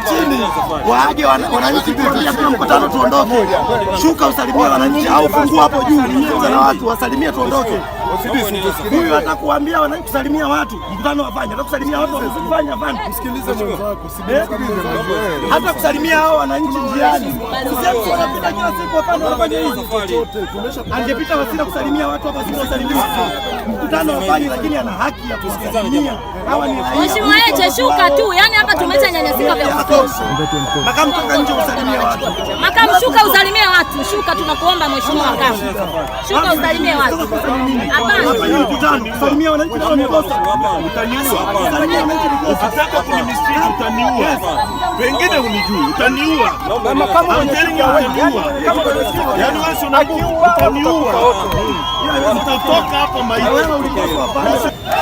chini, waaje wananchi kuambia kuna mkutano tuondoke, shuka usalimie wananchi, au fungua hapo juu na watu wasalimie tuondoke. Huyu atakuambia kusalimia watu mkutano wafanye, atakusalimia watu wamefanya fanya, eh? hata kusalimia hao wananchi njiani, anapita kila siku, angepita Wasira kusalimia watu hapa, wasalimia mkutano wafanye, lakini ana haki ya kusalimia hawa. Ni mheshimiwa yetu, shuka tu, yani hapa tumeshanyanyasika vya kutosha. Makamu toka nje usalimie watu, makamu shuka usalimie watu, shuka, tunakuomba mheshimiwa makamu, shuka usalimie watu kusalimia wananchi pengine unijui, utaniua. utatoka yaani yaani hapa maiti.